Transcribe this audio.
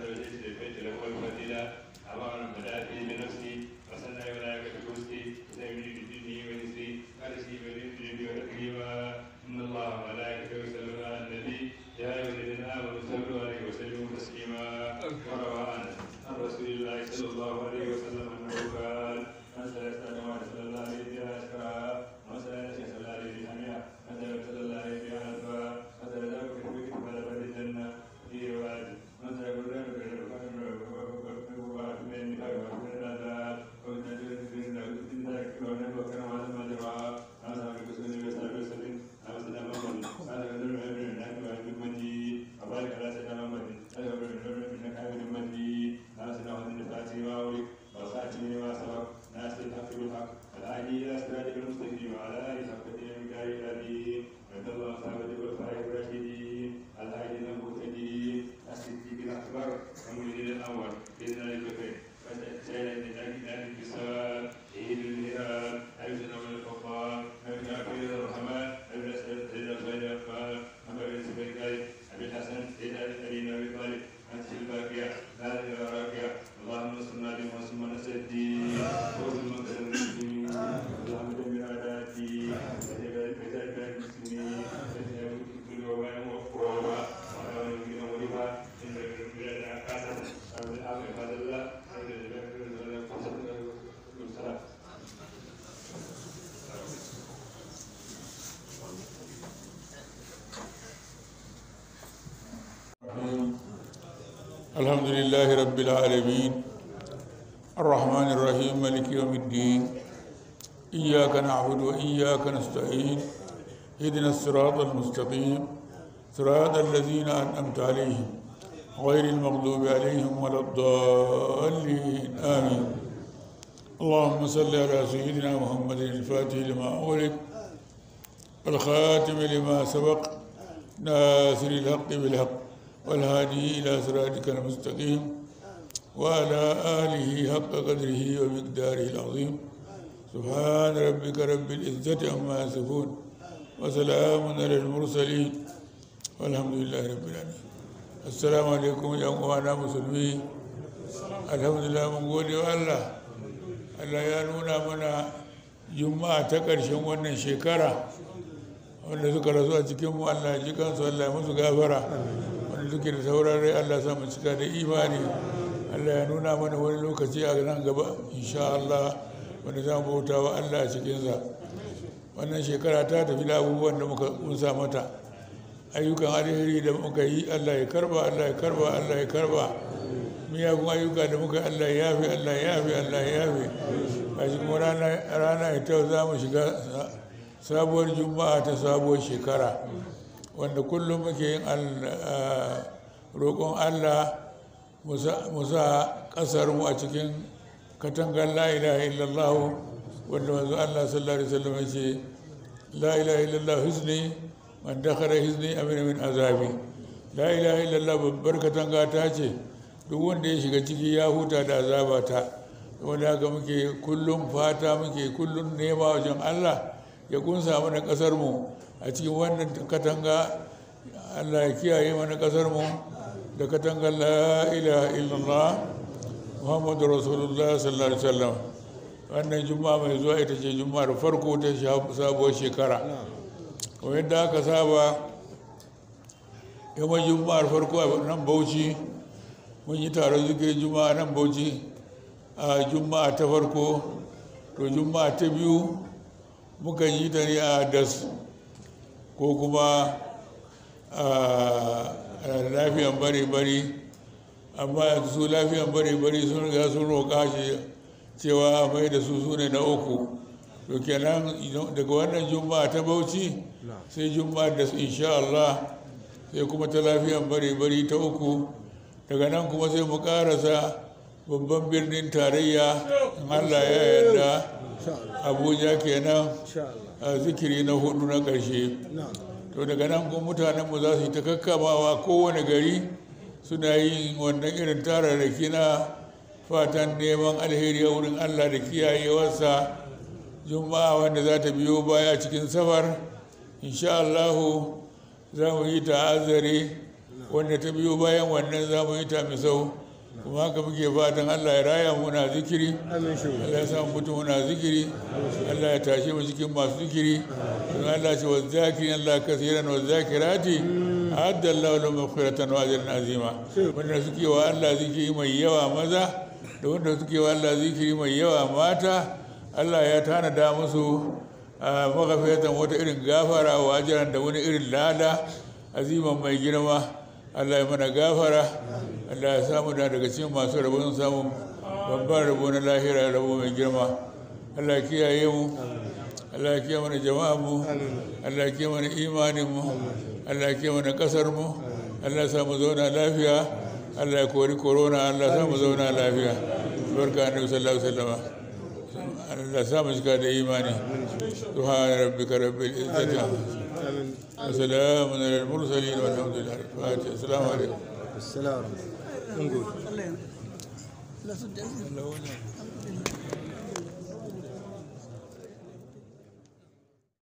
whether الحمد لله رب العالمين الرحمن الرحيم ملك يوم الدين إياك نعبد وإياك نستعين اهدنا الصراط المستقيم صراط الذين أنعمت عليهم غير المغضوب عليهم ولا الضالين آمين اللهم صل على سيدنا محمد الفاتح لما أغلق الخاتم لما سبق ناصر الحق بالحق والهادي إلى صراطك المستقيم وعلى آله حق قدره ومقداره العظيم سبحان ربك رب العزة عما يصفون وسلام على المرسلين والحمد لله رب العالمين السلام عليكم يا أخوانا مسلمين الحمد لله من قول الله Allah ya nuna mana juma'a ta ƙarshen wannan shekara wanda suka rasu a cikinmu Allah ya ji kansu Allah ya musu gafara. waɗanda suke da saurare Allah samu cika da imani Allah ya nuna mana wani lokaci a nan gaba insha Allah wanda zamu bauta wa Allah a cikinsa wannan shekara ta tafi da abubuwan da muka kunsa mata ayyukan alheri da muka yi Allah ya karba Allah ya karba Allah ya karba miyagun ayyuka da muka Allah ya yafe Allah ya yafe Allah ya yafe a cikin rana ita za mu shiga sabuwar juma'a ta sabuwar shekara wanda kullum muke yin eh, roƙon allah musa ƙasarmu a cikin katangar la'ilaha illallah wanda manzo allah sallallahu alaihi wasallam ya ce la'ilaha illallah hizni man dakara hizni amina min azabi la'ilaha illallah babbar katanga ta ce duk wanda ya shiga ciki ya huta da azabata wanda haka muke kullum fata muke kullum nema wajen allah ya kunsa mana kasar mu a cikin wannan katanga Allah ya kiyaye mana kasar mu da katanga la ilaha illallah Muhammadu Rasulullah sallallahu alaihi wasallam wannan juma'a mai zuwa ita ce juma'ar farko ta sabuwar shekara kuma yadda aka saba yawan juma'ar farko a nan bauchi mun yi taron zikirin juma'a nan bauchi a juma'a ta farko to juma'a ta biyu mukan yi ta ne a das ko kuma a lafiyan bare-bare amma yanzu su lafiyan bare-bare sun riga sun roƙa shi cewa mai da su su na uku to kenan daga wannan juma'a ta bauchi sai juma'a da insha Allah sai kuma ta lafiyan bare-bare ta uku daga nan kuma sai mu karasa babban birnin tarayya in Allah ya yarda abuja kenan a zikiri na hudu na karshe to daga nan kuma mu za su yi ta kakkamawa kowane gari suna yin wannan irin tararraki na fatan neman alheri a wurin allah da kiyayewarsa juma'a wanda za ta biyo baya cikin safar insha allahu za mu yi ta azare wanda ta biyo bayan wannan za mu yi ta misau kuma haka muke fatan Allah ya raya muna zikiri Allah ya samu mutum muna zikiri Allah ya tashe mu cikin masu zikiri don Allah ce wa zakirin Allah kasiran wa zakirati mm. hadda Allah wa lamu wa ajran azima wanda suke wa Allah zikiri mai yawa maza da wanda suke wa Allah zikiri mai yawa mata Allah ya tanada musu magafiyatan wata irin gafara wa ajran da wani irin lada aziman mai girma Allah ya mana gafara Allah ya samu da daga cikin masu rabon sun samu babban rabo na lahira rabo mai girma Allah ya kiyaye mu Allah ya kiyaye mana jama'a mu Allah ya kiyaye mana imanin mu Allah ya kiyaye mana kasar mu Allah ya samu zauna lafiya Allah ya kori corona Allah ya samu zauna lafiya barka annabi sallallahu alaihi wasallam Allah ya samu shiga da imani subhana rabbika rabbil izzati السلام على المرسلين والحمد لله رب العالمين السلام عليكم السلام نقول لا تدعي